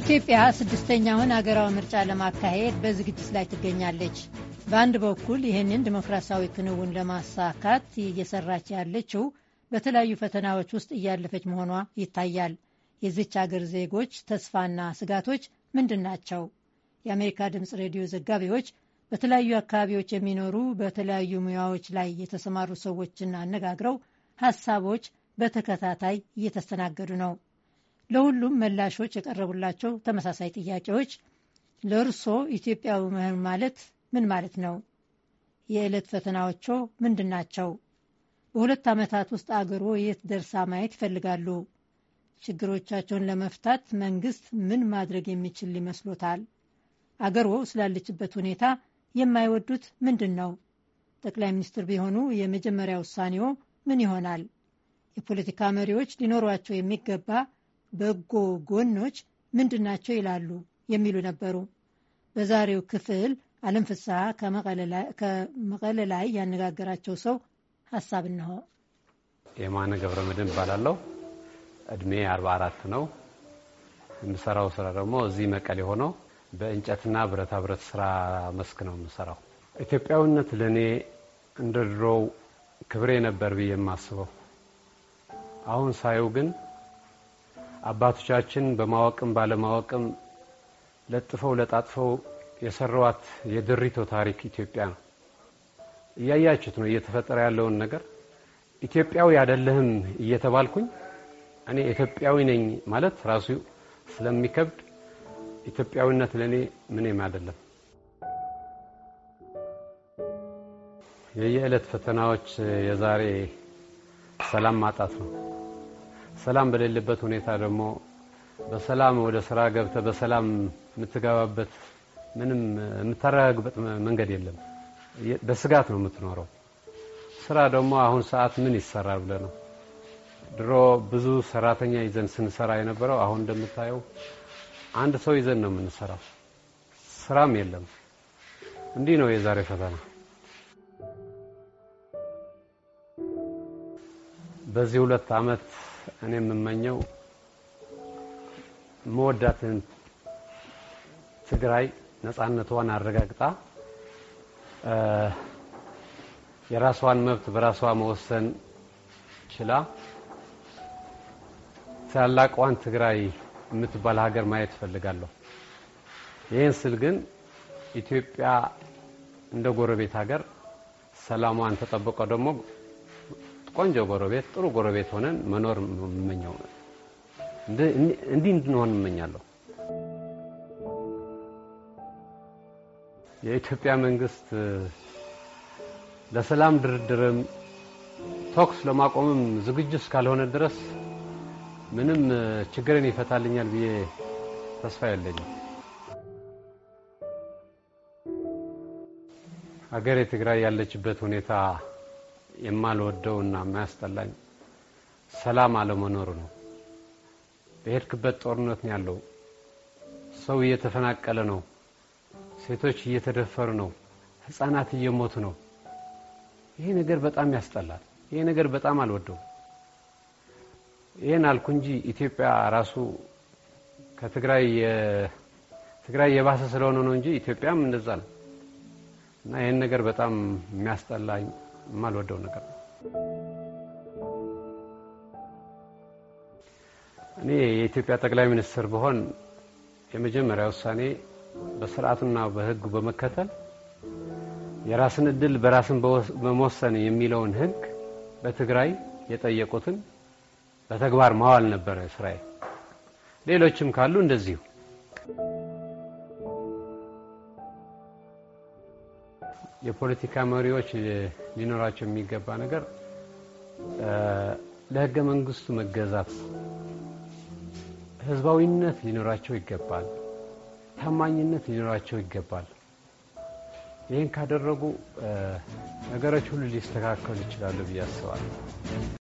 ኢትዮጵያ ስድስተኛውን አገራዊ ምርጫ ለማካሄድ በዝግጅት ላይ ትገኛለች። በአንድ በኩል ይህንን ዲሞክራሲያዊ ክንውን ለማሳካት እየሰራች ያለችው በተለያዩ ፈተናዎች ውስጥ እያለፈች መሆኗ ይታያል። የዚች አገር ዜጎች ተስፋና ስጋቶች ምንድን ናቸው? የአሜሪካ ድምፅ ሬዲዮ ዘጋቢዎች በተለያዩ አካባቢዎች የሚኖሩ በተለያዩ ሙያዎች ላይ የተሰማሩ ሰዎችን አነጋግረው ሀሳቦች በተከታታይ እየተስተናገዱ ነው። ለሁሉም መላሾች የቀረቡላቸው ተመሳሳይ ጥያቄዎች ለእርሶ ኢትዮጵያዊ መሆን ማለት ምን ማለት ነው? የዕለት ፈተናዎቾ ምንድን ናቸው? በሁለት ዓመታት ውስጥ አገሮ የት ደርሳ ማየት ይፈልጋሉ? ችግሮቻቸውን ለመፍታት መንግስት ምን ማድረግ የሚችል ይመስሎታል? አገሮ ስላለችበት ሁኔታ የማይወዱት ምንድን ነው? ጠቅላይ ሚኒስትር ቢሆኑ የመጀመሪያ ውሳኔው? ምን ይሆናል? የፖለቲካ መሪዎች ሊኖሯቸው የሚገባ በጎ ጎኖች ምንድናቸው? ይላሉ የሚሉ ነበሩ። በዛሬው ክፍል አለም ፍስሐ ከመቀለ ላይ ያነጋገራቸው ሰው ሀሳብ እንሆ። የማነ ገብረ መድን እባላለሁ። እድሜ 44 ነው። የምሰራው ስራ ደግሞ እዚህ መቀሌ የሆነው በእንጨትና ብረታ ብረት ስራ መስክ ነው የምሰራው። ኢትዮጵያዊነት ለእኔ እንደ ድሮው ክብሬ ነበር ብዬ የማስበው። አሁን ሳየው ግን አባቶቻችን በማወቅም ባለማወቅም ለጥፈው ለጣጥፈው የሰሯት የድሪቶ ታሪክ ኢትዮጵያ ነው። እያያችሁት ነው እየተፈጠረ ያለውን ነገር። ኢትዮጵያዊ አይደለህም እየተባልኩኝ እኔ ኢትዮጵያዊ ነኝ ማለት ራሱ ስለሚከብድ ኢትዮጵያዊነት ለእኔ ምንም አይደለም። የየዕለት ፈተናዎች የዛሬ ሰላም ማጣት ነው። ሰላም በሌለበት ሁኔታ ደግሞ በሰላም ወደ ስራ ገብተ በሰላም የምትገባበት ምንም የምታረጋግበት መንገድ የለም። በስጋት ነው የምትኖረው። ስራ ደግሞ አሁን ሰዓት ምን ይሰራል ብለህ ነው። ድሮ ብዙ ሰራተኛ ይዘን ስንሰራ የነበረው አሁን እንደምታየው አንድ ሰው ይዘን ነው የምንሰራው። ስራም የለም። እንዲህ ነው የዛሬ ፈተና። በዚህ ሁለት አመት እኔ የምመኘው መወዳትን ትግራይ ነፃነቷን አረጋግጣ የራሷን መብት በራሷ መወሰን ችላ ታላቋን ትግራይ የምትባል ሀገር ማየት እፈልጋለሁ። ይህን ስል ግን ኢትዮጵያ እንደ ጎረቤት ሀገር ሰላሟን ተጠብቀው ደግሞ ቆንጆ ጎረቤት፣ ጥሩ ጎረቤት ሆነን መኖር የምመኘው እንዲህ እንድንሆን እመኛለሁ። የኢትዮጵያ መንግስት ለሰላም ድርድርም ተኩስ ለማቆምም ዝግጁ እስካልሆነ ድረስ ምንም ችግርን ይፈታልኛል ብዬ ተስፋ የለኝም። ሀገሬ ትግራይ ያለችበት ሁኔታ የማልወደው እና የማያስጠላኝ ሰላም አለመኖር ነው። በሄድክበት ጦርነት ነው ያለው። ሰው እየተፈናቀለ ነው። ሴቶች እየተደፈሩ ነው። ህፃናት እየሞቱ ነው። ይሄ ነገር በጣም ያስጠላል። ይሄ ነገር በጣም አልወደው። ይሄን አልኩ እንጂ ኢትዮጵያ ራሱ ከትግራይ ትግራይ የባሰ ስለሆነ ነው እንጂ ኢትዮጵያም እንደዛ ነው እና ይሄን ነገር በጣም የሚያስጠላኝ የማልወደው ነገር ነው። እኔ የኢትዮጵያ ጠቅላይ ሚኒስትር ብሆን የመጀመሪያ ውሳኔ በስርዓቱና በሕጉ በመከተል የራስን እድል በራስን በመወሰን የሚለውን ሕግ በትግራይ የጠየቁትን በተግባር ማዋል ነበረ ስራዬ። ሌሎችም ካሉ እንደዚሁ የፖለቲካ መሪዎች ሊኖራቸው የሚገባ ነገር ለህገ መንግስቱ መገዛት፣ ህዝባዊነት ሊኖራቸው ይገባል፣ ታማኝነት ሊኖራቸው ይገባል። ይህን ካደረጉ ነገሮች ሁሉ ሊስተካከሉ ይችላሉ ብዬ አስባለሁ።